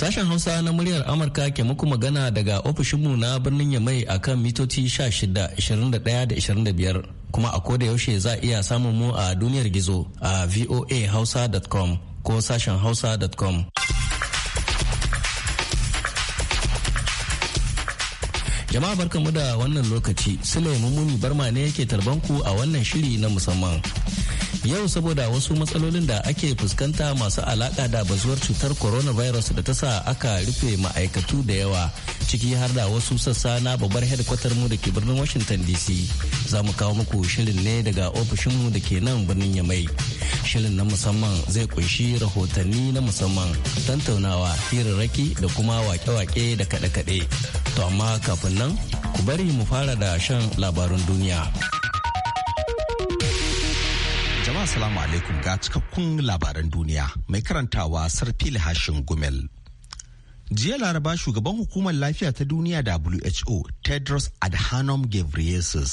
Sashen Hausa na muryar Amurka ke muku magana daga ofishinmu na birnin Yamai kan mitoci 16, 21 25 kuma a koda yaushe za a iya samun mu a duniyar gizo a voahausa.com ko sashen hausa.com. Jama'a barkanmu da wannan lokaci, Sule Mummuni Barma ne yake tarbanku a wannan shiri na musamman. yau saboda wasu matsalolin da ake fuskanta masu alaƙa da bazuwar cutar coronavirus da ta sa aka rufe ma'aikatu da yawa ciki har da wasu sassa na babbar headquarter mu da ke birnin washington dc za mu kawo muku shirin ne daga ofishinmu da ke nan birnin yamai shirin na musamman zai kunshi rahotanni na musamman tantaunawa hirarraki da kuma wake-wake da kaɗe-kaɗe to amma kafin nan ku bari mu fara da shan labarun duniya. jama'a salamu alaikum ga cikakkun labaran duniya mai karantawa sarfil hashin gumel jiya laraba shugaban hukumar lafiya ta duniya who tedros adhanom ghebreyesus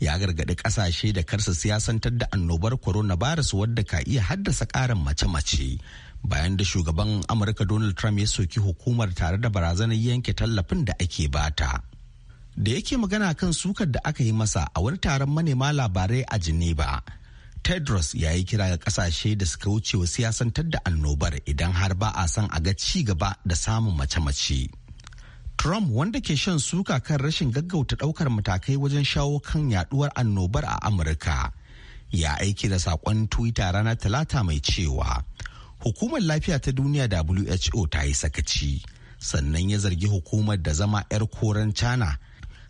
ya gargaɗi ƙasashe da karsa siyasantar da annobar coronavirus wadda ka iya haddasa ƙarin mace-mace bayan da shugaban amurka donald trump ya soki hukumar tare da barazanar yanke tallafin da ake bata da yake magana kan sukar da aka yi masa a wani taron manema labarai a geneva tedros ya yi kira ga kasashe da suka wuce wa siyasantar da annobar idan har ba a san a ga ci gaba da samun mace-mace trump wanda ke shan suka kan rashin gaggauta daukar matakai wajen shawo kan yaduwar annobar a amurka ya aiki da saƙon twitter ranar talata mai cewa hukumar lafiya ta duniya who ta yi sakaci sannan ya zargi hukumar da zama 'yar koren china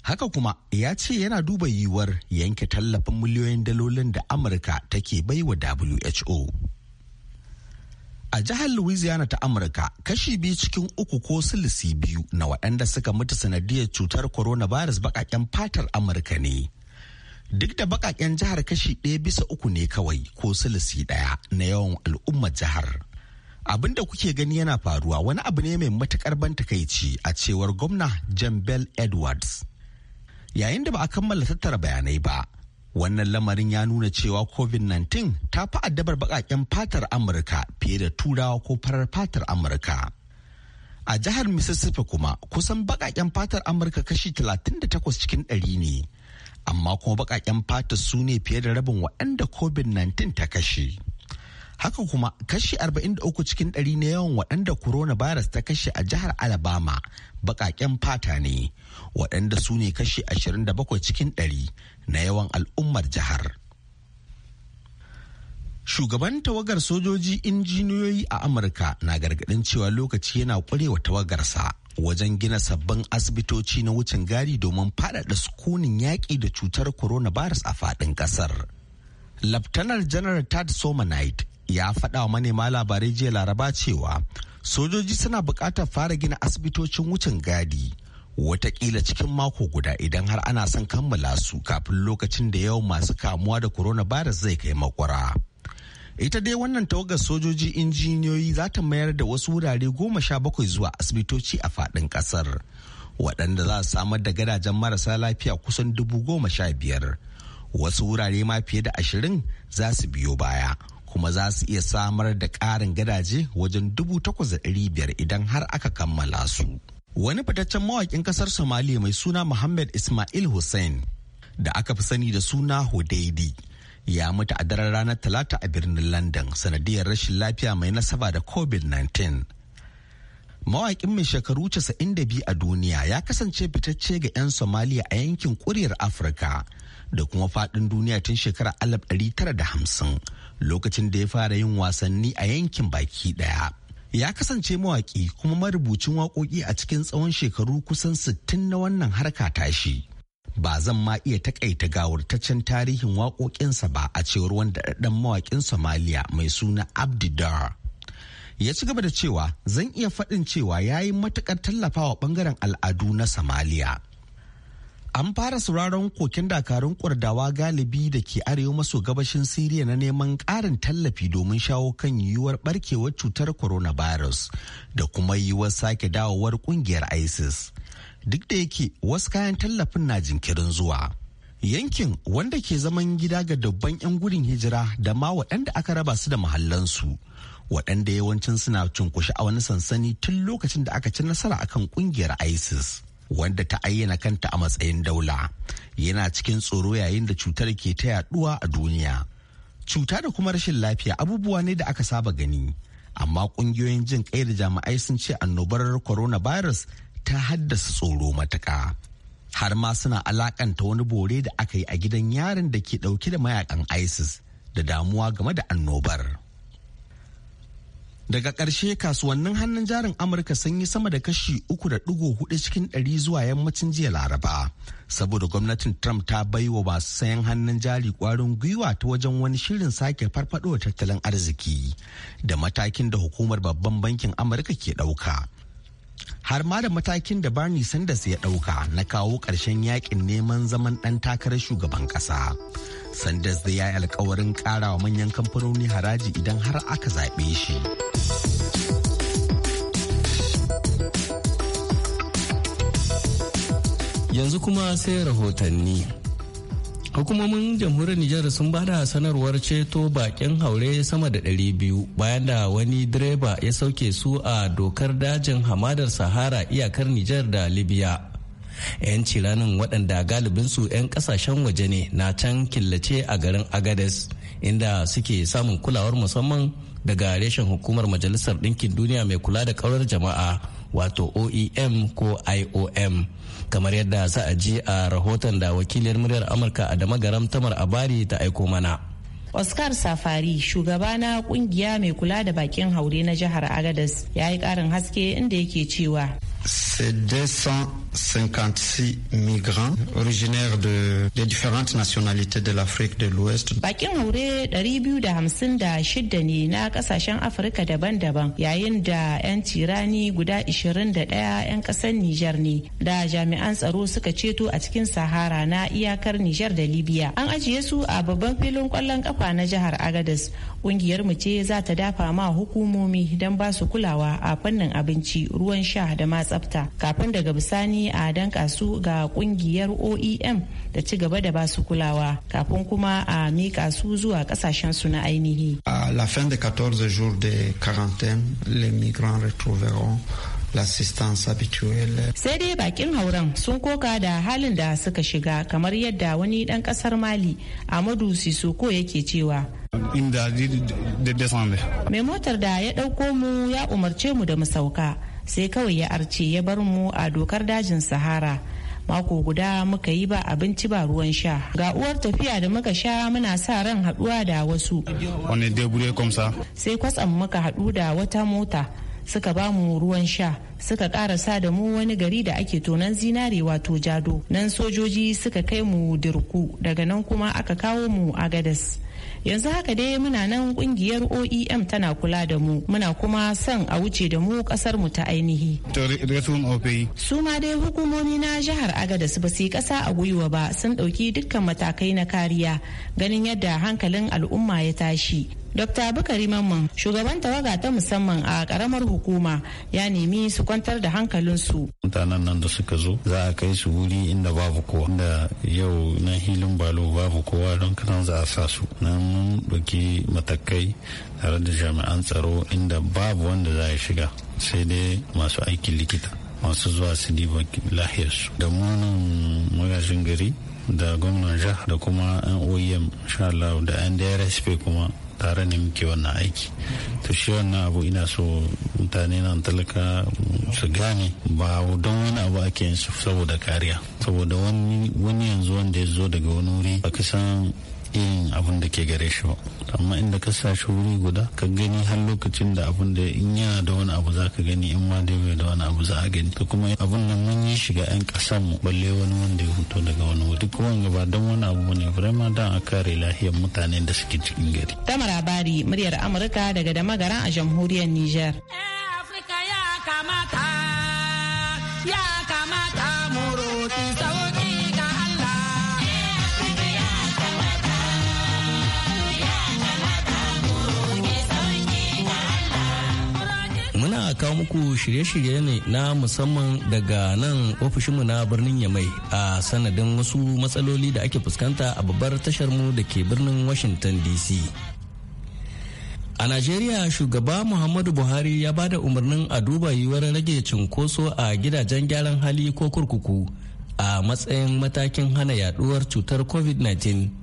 Haka kuma ya ce yana duba yiwuwar yanke tallafin miliyoyin dalolin da Amurka take baiwa WHO. A jihar Louisiana ta Amurka, kashi biyu cikin uku ko silisi biyu na waɗanda suka mutu sanadiyar cutar coronavirus baƙaƙen fatar Amurka ne. Duk da baƙaƙen jihar kashi ɗaya bisa uku ne kawai ko silisi ɗaya na yawan al'umma jihar. abin da kuke gani yana faruwa wani abu ne mai matuƙar ban takaici a cewar gwamna jan bell edwards yayin da ba a kammala tattara bayanai ba wannan lamarin ya nuna cewa covid-19 ta fi addabar baƙaƙen fatar amurka fiye da turawa ko farar fatar amurka a jihar mississippi kuma kusan baƙaƙen fatar amurka kashi 38 cikin ɗari ne amma kuma baƙaƙen fatar su ne fiye da rabin waɗanda covid-19 ta kashe haka kuma kashi 43 cikin ɗari na yawan waɗanda coronavirus ta kashe a jihar alabama baƙaƙen fata ne waɗanda su ne kashi 27 cikin dari na yawan al'ummar jihar shugaban tawagar sojoji injiniyoyi a amurka na gargaɗin cewa lokaci yana ƙurewa tawagarsa wajen gina sabbin asibitoci na wucin gari domin faɗaɗa sukunin yaƙi da cutar coronavirus a faɗin ƙasar. Laftanar Janar Tad Somanite ya faɗa wa manema labarai jiya laraba cewa sojoji suna buƙatar fara gina asibitocin wucin gadi watakila cikin mako guda idan har ana son kammala su kafin lokacin da yawan masu kamuwa da coronavirus zai kai makwara. ita dai wannan tawagar sojoji injiniyoyi za ta mayar da wasu wurare goma sha bakwai zuwa asibitoci a faɗin ƙasar waɗanda za su samar da gadajen marasa lafiya kusan dubu goma sha biyar wasu wurare ma fiye da ashirin za su biyo baya kuma za su iya samar da ƙarin gadaje wajen dubu takwas da ɗari biyar idan har aka kammala su. Wani fitaccen mawaƙin ƙasar Somaliya mai suna Muhammad Ismail Hussein da aka fi sani da suna Hodaidi ya mutu a daren ranar Talata a birnin London sanadiyar rashin lafiya mai nasaba da COVID-19. Mawaƙin mai shekaru 92 a duniya ya kasance fitacce ga 'yan Somaliya a yankin ƙuryar Afirka da kuma faɗin duniya tun shekarar 1950. lokacin da ya fara yin wasanni a yankin baki daya. Ya kasance mawaƙi kuma marubucin waƙoƙi a cikin tsawon shekaru kusan sittin na wannan harka tashi. Ba zan ma iya takaita gawurtaccen tarihin waƙoƙinsa ba a cewar wanda ɗan mawaƙin Somalia mai suna Abdidar. Ya ci gaba da cewa zan iya faɗin cewa ya yi matuƙar tallafawa ɓangaren al'adu na Somalia. An fara sauraron koken dakarun kurdawa galibi da ke arewa maso gabashin Siriya na neman ƙarin tallafi domin shawo kan yiwuwar barkewar cutar coronavirus da kuma yiwuwar sake dawowar kungiyar ISIS. Duk da yake wasu kayan tallafin na jinkirin zuwa. Yankin wanda ke zaman gida ga dubban 'yan gudun hijira da ma waɗanda aka raba su da mahallansu. waɗanda yawancin suna cunkushe a wani sansani tun lokacin da aka ci nasara akan ƙungiyar ISIS. wanda ta ayyana kanta a matsayin daula yana cikin tsoro yayin da cutar ke ta yaduwa a duniya cuta da kuma rashin lafiya abubuwa ne da aka saba gani amma kungiyoyin jin kai da jami'ai sun ce annobar coronavirus ta haddasa tsoro matuka har ma suna alakanta wani bore da aka yi a gidan yarin da ke dauke da mayakan isis da damuwa game da annobar. Daga ƙarshe kasuwannin hannun jarin Amurka sun yi sama da kashi hudu cikin 100 zuwa yammacin jiya Laraba. Saboda gwamnatin Trump ta bai wa masu sayan hannun jari kwarin gwiwa ta wajen wani shirin sake farfaɗo tattalin arziki da matakin da hukumar babban bankin Amurka ke ɗauka. har ma da matakin da Barney Sanders ya ɗauka na kawo ƙarshen yakin neman zaman ɗan takarar shugaban ƙasa. Sanders da ya yi alkawarin karawa manyan kamfanoni haraji idan har aka zaɓe shi. Yanzu kuma sai rahotanni. Hukumomin jamhuriyar Nijar sun ba da sanarwar ceto bakin haure sama da 200 bayan da wani direba ya sauke su a dokar dajin hamadar Sahara iyakar Nijar da Libya. 'yanci ranin waɗanda galibinsu 'yan kasashen waje ne na can killace a garin agades inda suke samun kulawar musamman daga reshen hukumar majalisar ɗinkin duniya mai kula da ƙaurar jama'a wato oem ko iom kamar yadda za a ji a rahoton da wakiliyar muryar amurka a garam tamar abari ta aiko mana Oscar Safari shugaba na kungiya mai kula da bakin haure na jihar agadas ya yi karin haske inda yake cewa c'est 256 migrants originaires de, des différentes nationalités de l'Afrique de l'Ouest. Bakin haure 256 ne na kasashen Afirka daban-daban yayin da 'yan tirani guda 21 'yan kasar Nijar ne da jami'an tsaro suka ceto a cikin Sahara na iyakar Nijar da Libya. An ajiye su a babban filin kwallon kafa na jihar Agadez. Kungiyar mu ce za ta dafa ma hukumomi don ba su kulawa a fannin abinci, ruwan sha da matsa tsafta kafin daga bisani a danka su ga kungiyar oem da ci gaba da basu kulawa kafin kuma a mika su zuwa kasashen su na ainihi a la fin de 14 jours de quarantaine les migrants retrouveront l'assistance habituelle. Sai dai bakin hauren sun koka da halin da suka shiga kamar yadda wani dan kasar Mali Amadu Sisoko yake cewa. Mai motar da ya ɗauko mu ya umarce mu da mu sauka. sai kawai ya arce ya bar mu a dokar dajin sahara mako guda muka yi ba abinci ba ruwan sha ga uwar tafiya da muka sha muna sa ran haduwa da wasu sai kwatsam muka haɗu da wata mota suka ba mu ruwan sha suka karasa da mu wani gari da ake tonan zinare wato jado nan sojoji suka kai mu dirku daga nan kuma aka kawo mu agadas yanzu haka dai muna nan kungiyar oem tana kula da mu muna kuma son a wuce da mu kasar mu ta ainihi su ma dai hukumomi na jihar agada su ba su yi kasa a gwiwa ba sun ɗauki dukkan matakai na kariya ganin yadda hankalin al'umma ya tashi Dr. Bukari Mamman shugaban tawaga ta musamman a karamar hukuma ya nemi su kwantar da hankalinsu. Mutanen nan da suka zo za a kai su wuri inda babu kowa. Inda yau na hilin balo babu kowa don kanan za a sa su. Nan mun ɗauki matakai tare da jami'an tsaro inda babu wanda za a shiga sai dai masu aikin likita. masu zuwa su diba lahiyarsu da munin magajin gari da gwamnan jihar da kuma yan oem insha Allah da yan drsp kuma tare ne muke wannan aiki to shi wannan abu ina so mutane na talaka su gane ba don wani abu ake yin saboda kariya saboda wani yanzu wanda ya zo daga wani wuri a san irin mm. abin da ke gare shi ba amma inda ka sa shi wuri guda ka gani har lokacin da abin da in yana da wani abu za ka gani in ma da bai da wani abu za a gani to kuma abin nan mun yi shiga yan kasan mu balle wani wanda ya hoto daga wani wuri duk wanga ba dan wani abu ne ma dan a kare lafiyar mutane da suke cikin gari tamara bari muryar amurka daga magara a jamhuriyar niger eh, Africa ya kawo muku shirye-shirye ne na musamman daga nan ofishinmu na birnin Yamai a sanadin wasu matsaloli da ake fuskanta a babbar tasharmu da ke birnin Washington DC. A Najeriya shugaba Muhammadu Buhari ya ba da umarnin a duba yiwuwar rage cunkoso a gidajen gyaran hali ko kurkuku a matsayin matakin hana yaduwar cutar COVID-19.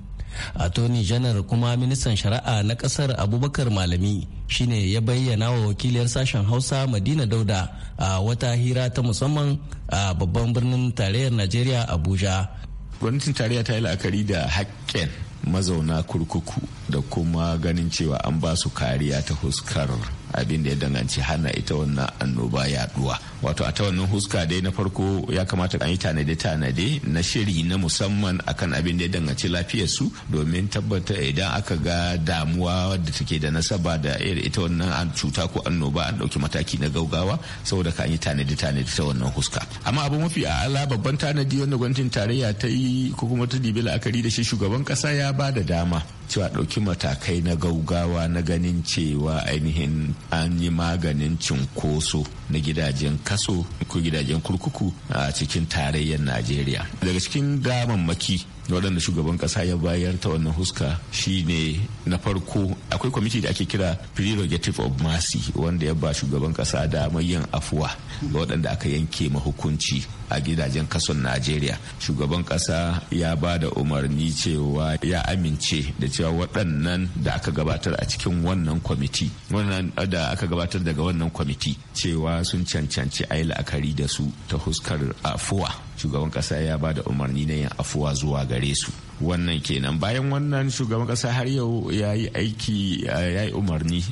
attorney Janar kuma ministan shari'a na kasar abubakar malami shine ya bayyana wa wakiliyar sashen hausa madina dauda a wata hira ta musamman a babban birnin tarayyar najeriya abuja gwamnatin tarayya ta yi la'akari da hakken mazauna kurkuku da kuma ganin cewa an ba su kariya ta huskar abin da ya danganci hana ita wannan annoba yaduwa wato a ta wannan huska dai na farko ya kamata an yi tanade tanade na shiri na musamman akan abin da ya danganci lafiyar su domin tabbata idan aka ga damuwa wadda take da nasaba da ita wannan cuta ko annoba an dauki mataki na gaugawa saboda ka yi tanade tanade ta wannan huska amma abu mafi a'ala babban tanadi wanda gwamnatin tarayya ta yi ko kuma ta dibi la'akari da shi shugaban kasa ya ba da dama cewa dauki matakai na gaugawa na ganin cewa ainihin an yi maganin cinkoso na gidajen kaso ko gidajen kurkuku a cikin tarayyar najeriya daga cikin damammaki waɗanda shugaban ƙasa ya bayar ta wannan huska shine na farko akwai kwamiti da ake kira prerogative of mercy wanda ya ba shugaban ƙasa da yin afuwa ga waɗanda aka yanke mahukunci a gidajen kason najeriya shugaban ƙasa ya ba da umarni cewa ya amince da cewa waɗannan da aka gabatar a cikin wannan kwamiti wannan da aka gabatar daga wannan kwamiti cewa sun cancanci a yi la'akari da su ta huskar afuwa shugaban kasa ya ba da umarni na yin afuwa zuwa gare su wannan kenan bayan wannan shugaban kasa har yau ya yi aiki ya yi umarni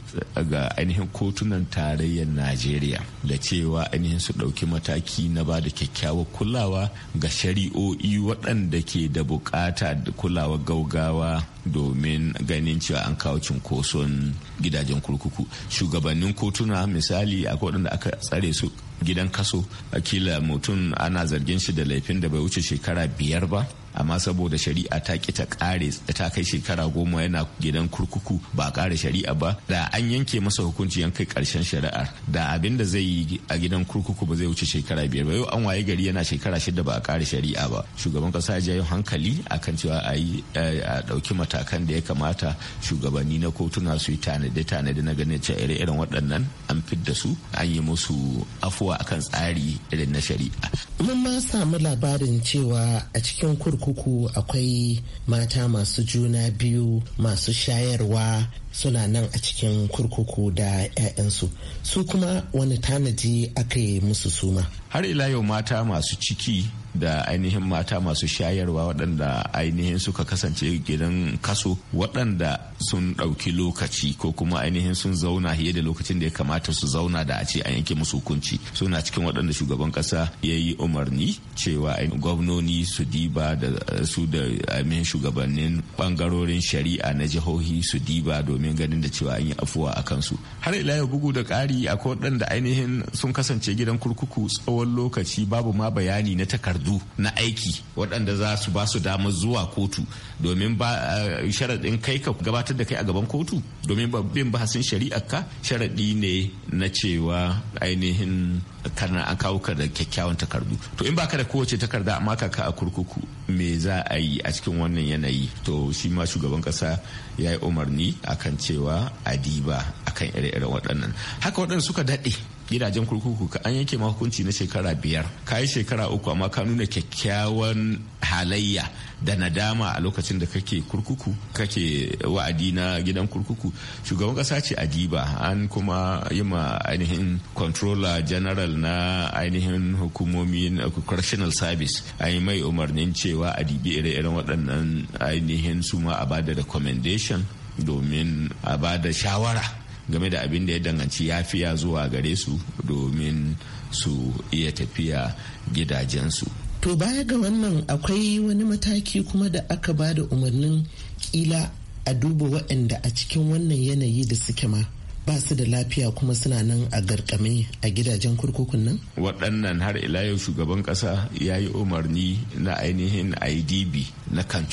ga ainihin kotunan tarayyar najeriya da cewa ainihin su ɗauki mataki na ba da kyakkyawar kulawa ga shari'o'i waɗanda ke da buƙata da kulawar gaugawa domin ganin cewa an kawo cinkoson gidajen kurkuku shugabannin kotuna misali akwai waɗanda aka tsare su gidan kaso a kila mutum ana zargin shi da laifin da bai wuce shekara biyar ba amma saboda shari'a ta ki ta kare ta kai shekara goma yana gidan kurkuku ba a kare shari'a ba da an yanke masa hukunci yan kai karshen shari'ar da abin da zai yi a gidan kurkuku ba zai wuce shekara biyar ba yau an waye gari yana shekara shida ba a kare shari'a ba shugaban kasa ya jayo hankali akan cewa a yi a dauki matakan da ya kamata shugabanni na kotuna su yi tanade tanade na ganin cewa ire-iren waɗannan an fidda su an yi musu afuwa akan tsari irin na shari'a. Mun ma samu labarin cewa a cikin kurkuku kurkuku akwai mata masu juna biyu masu shayarwa suna nan a cikin kurkuku da 'ya'yansu su kuma wani tanaji aka yi musu suma har ila yau mata masu ciki da ainihin mata masu shayarwa waɗanda ainihin suka kasance gidan kaso waɗanda sun ɗauki lokaci ko kuma ainihin sun zauna fiye da lokacin da ya kamata su zauna da a ce a yanke musu hukunci suna cikin waɗanda shugaban kasa ya yi umarni cewa gwamnoni su diba da su da ainihin shugabannin ɓangarorin shari'a na jihohi su diba domin ganin da cewa an yi afuwa a kansu har ila yau bugu da ƙari akwai waɗanda ainihin sun kasance gidan kurkuku tsawon lokaci babu ma bayani na takardu takardu na aiki waɗanda za su ba su damar zuwa kotu domin ba eh, sharaɗin kai ka gabatar da kai a gaban kotu domin bin bahasin shari'a ka sharaɗi ne na cewa ainihin kana an kawo ka da kyakkyawan takardu to in baka da kowace takarda amma ka ka a kurkuku me za a yi a cikin wannan yanayi to shi ma shugaban kasa ya yi umarni akan cewa adiba akan ire-iren waɗannan haka waɗanda suka daɗe gidajen kurkuku ka an yanke ma hukunci na shekara biyar ka yi shekara uku amma ka nuna kyakkyawan halayya da nadama a lokacin da kake kurkuku kake wa'adi na gidan kurkuku shugaban kasa ce adiba an kuma yi ma ainihin controller general na ainihin hukumomin correctional service an yi mai umarnin cewa adibi ire-iren waɗannan ainihin su ma a bada recommendation domin a bada shawara game da abin da ya danganci yafiya zuwa gare su domin su iya tafiya gidajensu to baya ga wannan akwai wani mataki kuma da aka ba da umarnin kila a duba waɗanda a cikin wannan yanayi da suke ma ba su da lafiya kuma suna nan a garkame a gidajen kurkukun nan? waɗannan har ila yau shugaban ƙasa ya yi umarni na ainihin idb na kam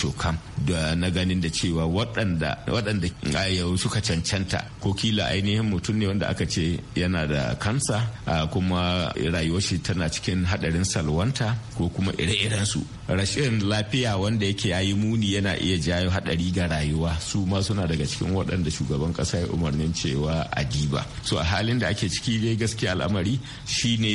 da na ganin da cewa waɗanda a suka cancanta ko kila ainihin mutum ne wanda aka ce yana da kansa kuma rayuwar shi tana cikin haɗarin salwanta ko kuma ire-irensu rashin lafiya wanda yake ya yi muni yana iya jayo haɗari ga rayuwa su ma suna daga cikin waɗanda shugaban ƙasa ya umarnin cewa a diba so a halin da ake ciki dai gaskiya al'amari shine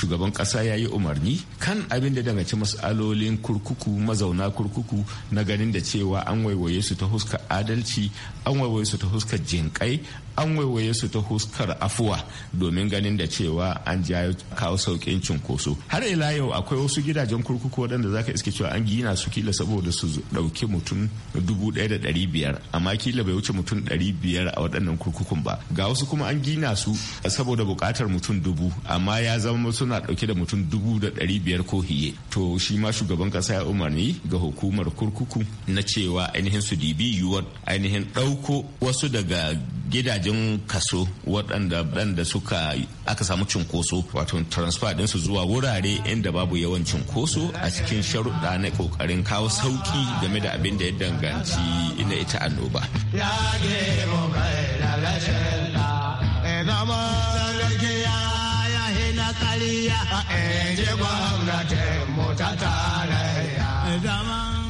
shugaban kasa ya yi umarni kan abin da danganci matsalolin kurkuku mazauna kurkuku na ganin da cewa an waiwaye su ta huskar adalci an waiwaye su ta huskar jinƙai an waiwaye su ta huskar afuwa domin ganin da cewa an jayo kawo sauƙin cunkoso har ila yau akwai wasu gidajen kurkuku waɗanda zaka iske cewa an gina su kila saboda su ɗauki mutum dubu ɗaya da ɗari biyar amma kila bai wuce mutum ɗari biyar a waɗannan kurkukun ba ga wasu kuma an gina su saboda buƙatar mutum dubu amma ya zama masu. suna dauke da mutum dubu da ɗari biyar ko hiye to shi ma shugaban kasa ya umarni ga hukumar kurkuku na cewa ainihin su dibi yiwuwar ainihin ɗauko wasu daga gidajen kaso waɗanda suka aka samu cinkoso wato transfer ɗinsu zuwa wurare inda babu yawan cinkoso a cikin sharuɗa na ƙoƙarin kawo sauki game da abin da ya danganci ina ita annoba. Ya ke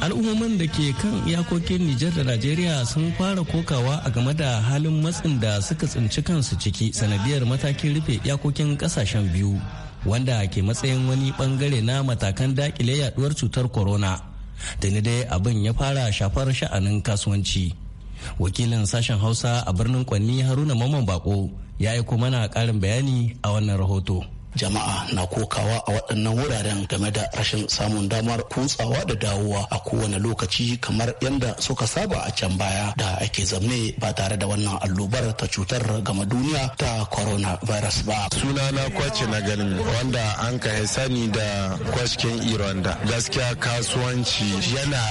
Al'ummar da ke kan iyakokin Nijar da Najeriya sun fara kokawa a game da halin matsin da suka tsinci kansu ciki sanadiyar matakin rufe iyakokin kasashen biyu wanda ke matsayin wani bangare na matakan dakile yaduwar cutar corona da ni dai abin ya fara shafar sha'anin kasuwanci wakilin sashen hausa a birnin kwanni haruna maman bako ya kuma mana karin bayani a wannan rahoto jama'a na kokawa a waɗannan wuraren game da rashin samun damar kutsawa da dawowa a kowane lokaci kamar yadda suka saba a can baya da ake zamne ba tare da wannan allobar ta cutar gama duniya ta coronavirus ba sunana kwace na ganin wanda an ka sani da kwasken iranda gaskiya kasuwanci yana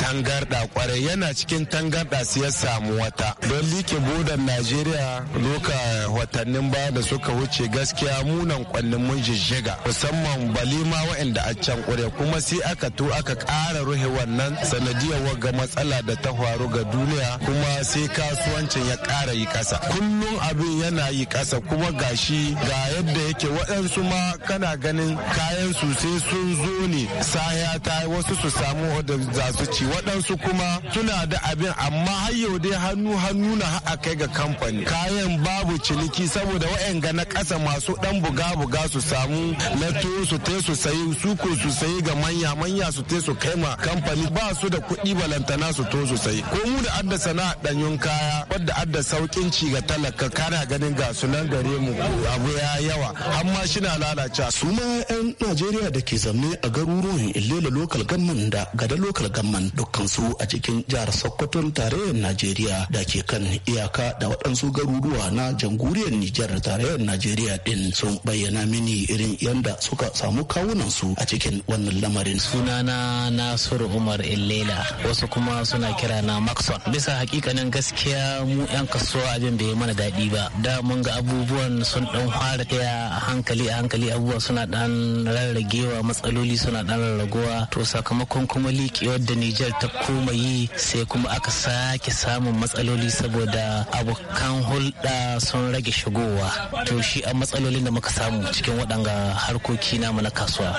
tangarda kwarai yana cikin tangarda su ya samu wata don like bodan najeriya loka watannin baya da suka wuce gaskiya munan kwan nan mun jijjiga musamman balima waɗanda a can kure kuma sai aka to aka ƙara ruhe wannan sanadiyar wagga matsala da ta faru ga duniya kuma sai kasuwancin ya ƙara yi ƙasa kullum abin yana yi ƙasa kuma gashi ga yadda yake waɗansu ma kana ganin kayan su sai sun zo ne saya ta wasu su samu wadda za su ci waɗansu kuma suna da abin amma har yau dai hannu hannu na a kai ga kamfani kayan babu ciniki saboda waɗanga na ƙasa masu ɗan buga-buga shiga su samu na su te su sayi suko su sayi ga manya manya su te su kai ma kamfani ba su da kuɗi balantana su to su sayi ko mu da adda sana'a kaya wadda adda saukin ci ga talaka kana ganin ga sunan gare mu abu ya yawa amma shi na lalace su ma 'yan najeriya da ke zamne a garuruwan illela lokal government da gada lokal dukkan su a cikin jihar tare tarayyar najeriya da ke kan iyaka da waɗansu garuruwa na jamhuriyar nijar tarayyar najeriya din sun bayyana mini irin yanda suka samu kawunansu a cikin wannan lamarin. Sunana Nasiru Umar Illela wasu kuma suna kira na Maxon. Bisa hakikanin gaskiya mu 'yan kasuwa abin ya mana daɗi ba. Da mun ga abubuwan sun ɗan fara taya a hankali a hankali abubuwa suna dan rarragewa matsaloli suna dan rarragowa to sakamakon kuma likewar da Nijar ta koma yi sai kuma aka sake samun matsaloli saboda abokan hulɗa sun rage shigowa to shi a matsalolin da muka samu cikin waɗanga harkoki namu na kasuwa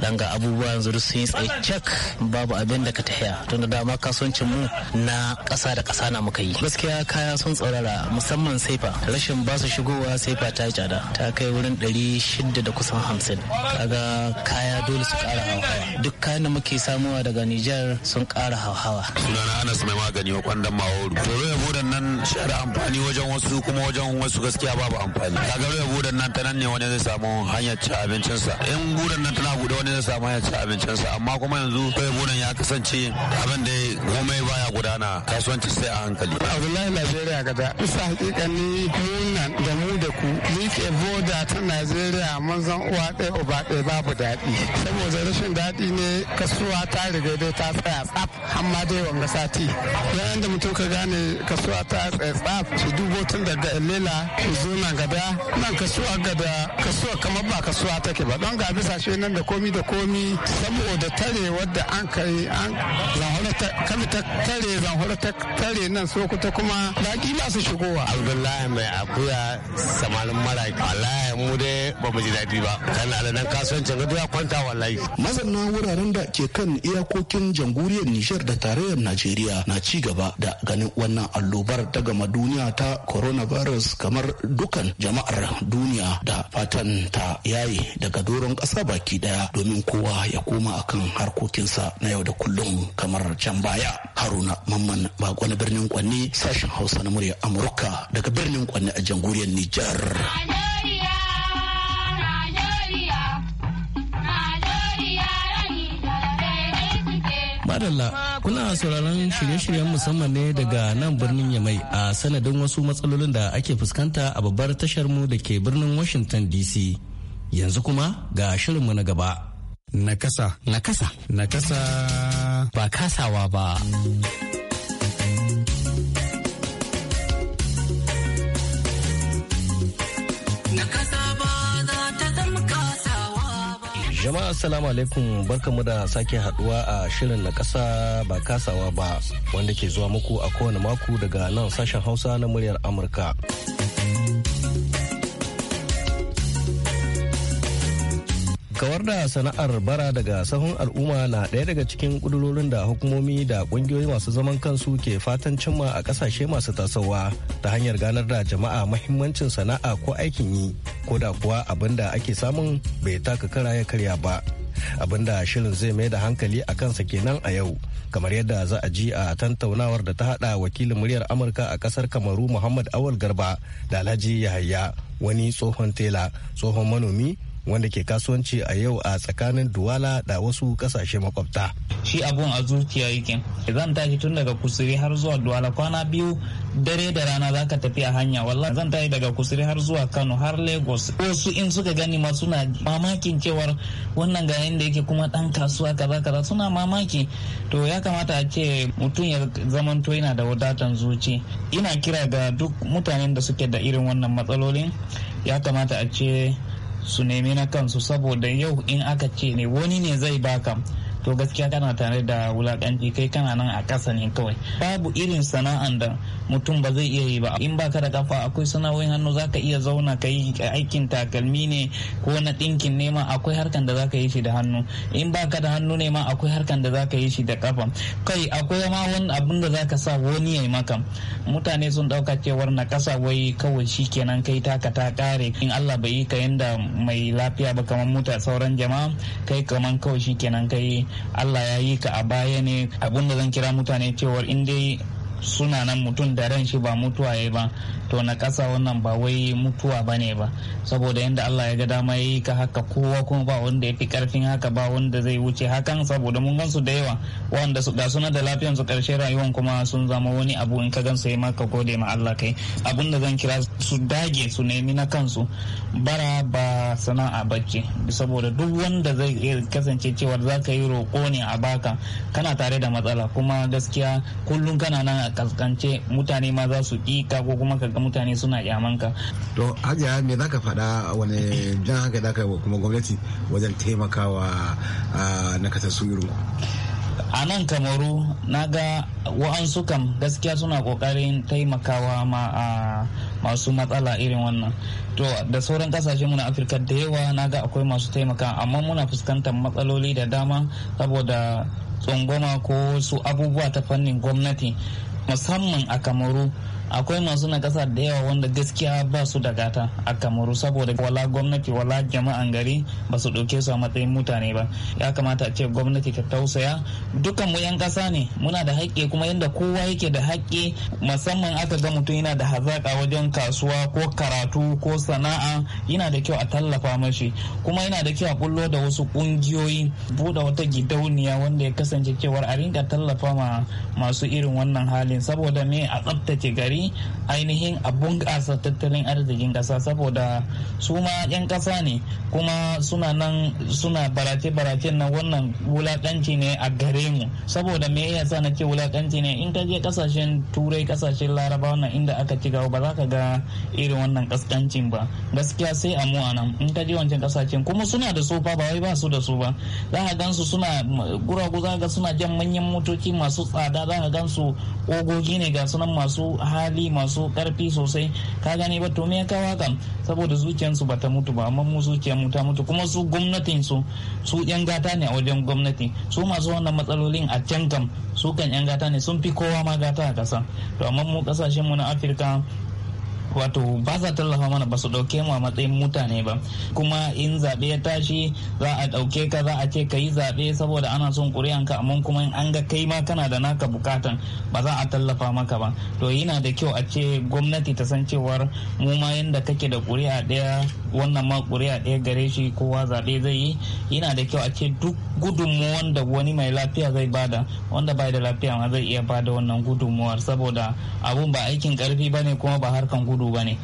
dan ga abubuwa yanzu sun yi tsaye cak babu abin da ka tahiya tunda dama kasuwancin mu na ƙasa da ƙasa na muka yi gaskiya kaya sun tsorara musamman saifa rashin ba su shigowa saifa ta yi tsada ta kai wurin ɗari shida da kusan hamsin kaga kaya dole su ƙara hawa duk kayan da muke samuwa daga Nijar sun ƙara hawa sunana Anas mai magani wa kwandon Maworu to rubutan nan shi da amfani wajen wasu kuma wajen wasu gaskiya babu amfani kaga rubutan nan ta nan ne wani zai samu hanyar ci abincinsa in buran nan tana buɗe wani zai samu hanyar ci abincinsa amma kuma yanzu kai buran ya kasance abin da komai baya gudana kasuwanci sai a hankali abdullahi najeriya gada bisa hakikani munan da mu da ku miƙe boda ta najeriya mun zan uwa ɗaya uba ɗaya babu daɗi saboda rashin daɗi ne kasuwa ta riga dai ta tsaya tsaf amma dai wanga sati yayin da mutum ka gane kasuwa ta tsaya tsaf su dubo tun daga emela su zo nan gada nan kasuwa gada kasuwa kasuwa kamar ba kasuwa take ba don ga shi nan da komi da komi saboda tare wadda an kai an zanhura ta tare zanhura ta tare nan so ta kuma da ba su shigowa abdullahi mai akuya samanin maraki wallahi mu dai ba mu ji daɗi ba kana da nan kasuwancin ga duya kwanta wallahi mazanna wuraren da ke kan iyakokin jamhuriyar nijar da tarayyar najeriya na ci gaba da ganin wannan allobar ta gama duniya ta coronavirus kamar dukan jama'ar duniya da fatan ta yaye daga doron ƙasa baki ɗaya domin kowa ya koma akan harkokinsa na yau da kullum kamar can baya haruna mamman bako na birnin kwanne sashen hausa na murya amurka daga birnin kwanne a jamhuriyar nijar Madalla kuna sauraron shirye-shiryen musamman ne daga nan birnin Yamai a sanadin wasu matsalolin da ake fuskanta a babbar tashar mu da ke birnin Washington DC. Yanzu kuma ga shirinmu na gaba. na na kasa. kasa. na kasa. Ba kasawa ba. Jama'a assalamu alaikum barkamu da sake haduwa a shirin na kasa ba kasawa ba wanda ke zuwa muku a kowane mako daga nan sashen Hausa na muryar Amurka. kuda da sana'ar bara daga sahun al'umma na ɗaya daga cikin ƙudurorin da hukumomi da ƙungiyoyi masu zaman kansu ke fatan cimma a ƙasashe masu tasowa ta hanyar ganar da jama'a mahimmancin sana'a ko aikin yi ko da kuwa abin da ake samun bai taka kara ya karya ba abin da shirin zai mai da hankali a kansa kenan a yau kamar yadda za a ji a tantaunawar da ta haɗa wakilin muryar amurka a ƙasar kamaru muhammad awal garba da alhaji yahaya wani tsohon tela tsohon manomi wanda ke kasuwanci a yau a tsakanin duwala da wasu kasashe makwabta shi abun a zuciya yake zan tashi tun daga kusuri har zuwa duwala kwana biyu dare da rana za ka tafi a hanya wallah zan tashi daga kusuri har zuwa kano har lagos wasu in suka gani ma suna mamakin cewar wannan ga yanda yake kuma dan kasuwa kaza kaza suna mamaki to ya kamata a ce mutum ya zamanto yana da wadatan zuci ina kira ga duk mutanen da suke da irin wannan matsalolin ya kamata a ce su nemi na kansu saboda yau in aka ce ne wani ne zai baka to gaskiya kana tare da wulakanci kai kana nan a ƙasa ne kawai babu irin sana'an da mutum ba zai iya yi ba in baka da kafa akwai sana'o'in hannu zaka iya zauna ka yi aikin takalmi ne ko na ɗinkin ne ma akwai harkan da zaka yi shi da hannu in baka da hannu ne ma akwai harkan da zaka yi shi da kafa kai akwai ma wani abin da zaka sa wani ya maka mutane sun ɗauka cewar na ƙasa wai kawai shi kenan kai taka ta ƙare in Allah bai yi ka yanda mai lafiya ba kamar muta sauran jama'a kai kamar kawai shi kenan kai Allah ya yi ka a baya ne abin da zan kira mutane cewar in dai suna nan mutum da ran shi ba mutuwa ya ba to na kasa wannan ba wai mutuwa ba ne ba saboda yadda Allah ya ga dama ya yi ka haka kowa kuma ba wanda ya fi karfin haka ba wanda zai wuce hakan saboda mun gansu da yawa wanda su ga suna da lafiyan su karshe rayuwan kuma sun zama wani abu in ka gansu ya maka gode ma Allah kai abin da zan kira su dage su nemi na kansu bara ba sana'a bacci saboda duk wanda zai kasance cewa za ka yi roƙo ne a baka kana tare da matsala kuma gaskiya kullum kana nan kaskance mutane ma za su ƙika ko kuma kaga mutane suna kyamanka. to hajiya me za ka faɗa wani jan haka da ka kuma gwamnati wajen taimakawa na kasassu irin a nan kamaru na ga wa'ansu kam gaskiya suna kokarin taimakawa ma a masu matsala irin wannan to da sauran kasashe mu na afirka da yawa na ga akwai masu taimaka amma muna fuskantar matsaloli da dama saboda tsangwama ko su abubuwa ta fannin gwamnati musamman a kamaru akwai masu na kasa da yawa wanda gaskiya ba su da gata a kamaru saboda wala gwamnati wala jama'an gari ba su ɗauke su a matsayin mutane ba ya kamata a ce gwamnati ta tausaya dukkan mu yan kasa ne muna da haƙƙi kuma yadda kowa yake da haƙƙi musamman aka ga mutum yana da hazaƙa wajen kasuwa ko karatu ko sana'a yana da kyau a tallafa mashi kuma yana da kyau a bullo da wasu ƙungiyoyi buɗe wata gidauniya wanda ya kasance cewar a rinka tallafa ma masu irin wannan halin saboda me a tsabtace gari gari ainihin a bunƙasa tattalin arzikin ƙasa saboda su ma 'yan ƙasa ne kuma suna nan suna barace-barace na wannan wulaƙanci ne a gare mu saboda me ya sa na ce wulaƙanci ne in ka je ƙasashen turai ƙasashen laraba wannan inda aka ci gaba ba za ka ga irin wannan ƙasƙancin ba gaskiya sai a mu nan in ka je wancan ƙasashen kuma suna da su fa ba wai ba su da su ba za ka su suna guragu za ka ga suna jan manyan motoci masu tsada za ka gan su ogogi ne ga sunan masu ha hali masu karfi sosai ka gane ba to me ya kawo hakan saboda zuciyarsu ba ta mutu ba amma mu zuciyar mu ta mutu kuma su gwamnatin su su yan gata ne a wajen gwamnati su masu wannan matsalolin a can kam su kan yan gata ne sun fi kowa ma gata a kasa to amma mu kasashen mu na afirka wato ba tallafa mana ba su ɗauke mu a matsayin mutane ba kuma in zaɓe ya tashi za a ɗauke ka za a ce ka yi zaɓe saboda ana son ka amma kuma in an ga kai ma kana da naka bukatan ba za a tallafa maka ba to yana da kyau a ce gwamnati ta san cewar mu ma yanda kake da ƙuri'a ɗaya wannan ma ƙuri'a ɗaya gare shi kowa zaɓe zai yi yana da kyau a ce duk gudunmuwan da wani mai lafiya zai bada wanda bai da lafiya ma zai iya bada wannan gudunmuwar saboda abun ba aikin ƙarfi ba ne kuma ba harkan gudu hudu ba ne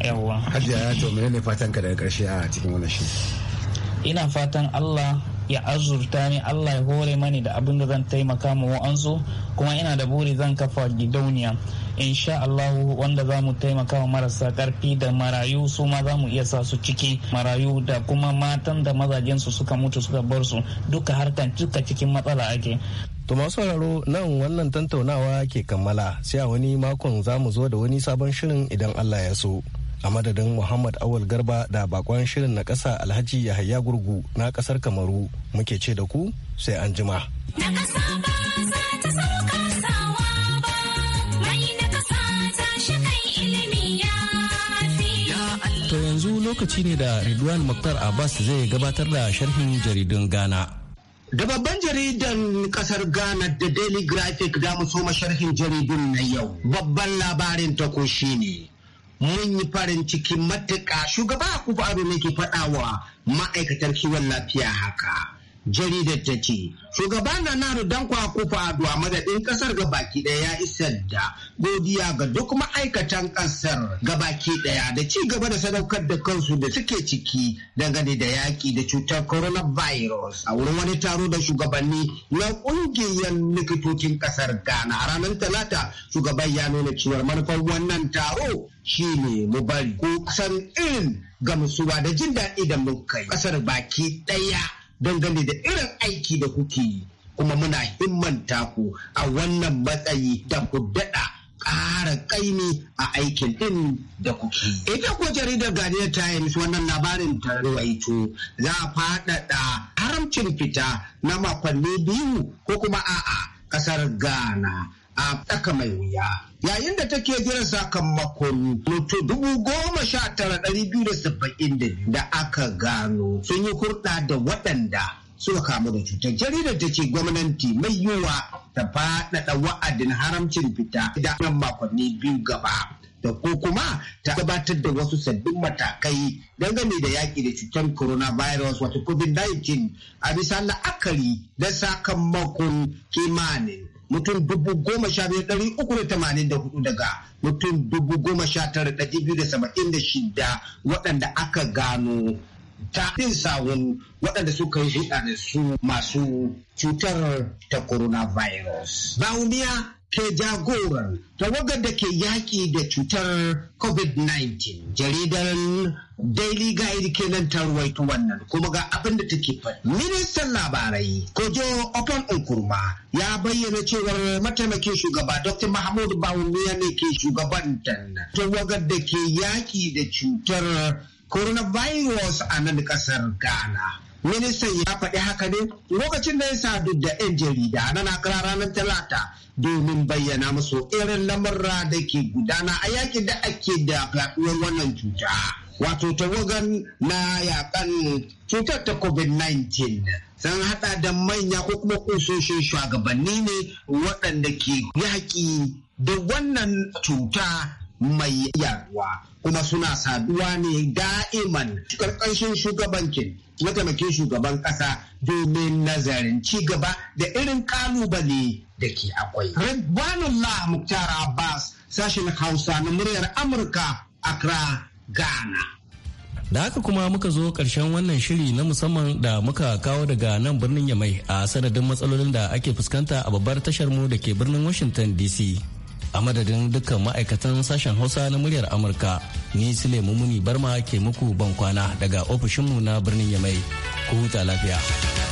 yawwa hajiya ya to ne fatan ka daga karshe a cikin wannan shi ina fatan Allah ya azurta ni Allah ya hore mani da abin da zan taimaka ma wa'ansu kuma ina da buri zan kafa gidauniya insha Allahu wanda za mu taimaka wa marasa karfi da marayu su ma za mu iya sa su ciki marayu da kuma matan da mazajen su suka mutu suka bar su duka harkan duka cikin matsala ake To masu sauraro nan wannan tantaunawa ke kammala sai a wani makon za mu zo da wani sabon shirin idan Allah ya so. A madadin Muhammad Awal Garba da bakon shirin na ƙasa Alhaji Yahaya Gurgu na ƙasar Kamaru muke ce da ku sai an jima. lokaci ne da Ridwan Muktar Abbas zai gabatar da sharhin jaridun Ghana. Da babban jaridan kasar Ghana da Daily Graphic da mu soma sharhin jaridun na yau. Babban labarin ta ko ne. mun yi farin cikin matuƙa shugaba ba abin ne ke faɗawa ma'aikatar kiwon lafiya haka. jaridar ta ce shugaban nanaru dankwa kufa ado a madadin kasar baki daya ya isa da godiya ga duk ma'aikatan kasar baki daya da ci gaba da sadaukar da kansu da suke ciki dangane da yaki da cutar coronavirus a wurin wani taro da shugabanni na kungiyar likitocin kasar ghana a ranar talata shugaban ya nuna cewar manufar wannan taro shine mu bari ko san irin gamsuwa da jin daɗi da mun kai kasar baki daya dangane da irin aiki da kuke yi kuma muna himmanta ku a wannan matsayi da ku daɗa ƙara ƙaimi a aikin ɗin da kuke. Ita ko jaridar Guardian Times wannan labarin ta ruwaito za a faɗaɗa haramcin fita na makonni biyu ko kuma a'a ƙasar Ghana a tsaka mai wuya. Yayin da take jiran sakamakon mutu dubu goma sha tara ɗari biyu da saba'in da biyu da aka gano sun yi hurɗa da waɗanda suka kamu da cutar. Jaridar ta ce gwamnati mai yiwuwa ta faɗaɗa wa'adin haramcin fita da nan makonni biyu gaba. Da ko kuma ta gabatar da wasu sabbin matakai dangane da yaƙi da cutar coronavirus wato COVID-19 a bisa la'akari da sakamakon kimanin mutum dubu goma sha biyu ɗari uku da tamanin da hudu daga mutum dubu goma sha tara ɗari biyu da saba'in da shida waɗanda aka gano ta ɗin sawun waɗanda suka yi hulɗa da su masu cutar ta coronavirus. Bawumiya ke jagorar tawagar da ke yaƙi da cutar covid-19 jaridar daily guide kenan ta ruwaito wannan kuma ga abin da take faɗi ministan labarai kojo open nkurma ya bayyana cewar mataimakin shugaba dr mahmud bawumiya ne ke shugabantan tawagar da ke yaƙi da cutar coronavirus a nan ƙasar ghana ministan ya faɗi haka ne lokacin da ya sadu da 'yan jarida na nakara ranar talata domin bayyana musu irin lamarra da ke gudana a yakin da ake da fyaɗuwar wannan cuta wato tawagan na yakan cutar ta covid-19 sun haɗa da manya ko kuma ƙusoshin shugabanni ne waɗanda ke yaƙi da wannan cuta mai yaduwa kuma suna saduwa ne da'iman karkashin shugabancin mataimakin shugaban kasa domin nazarin ci gaba da irin kalubale da ke akwai. Ridwanullah Muktar Abbas sashen Hausa na muryar Amurka Accra, Ghana. da haka kuma muka zo karshen wannan shiri na musamman da muka kawo daga nan birnin yamai a sanadin matsalolin da ake fuskanta a babbar tashar mu da ke birnin washington dc a madadin dukkan ma'aikatan sashen hausa na muryar amurka ni sule mumuni barma ke muku ban kwana daga ofishinmu na birnin yamai ku huta lafiya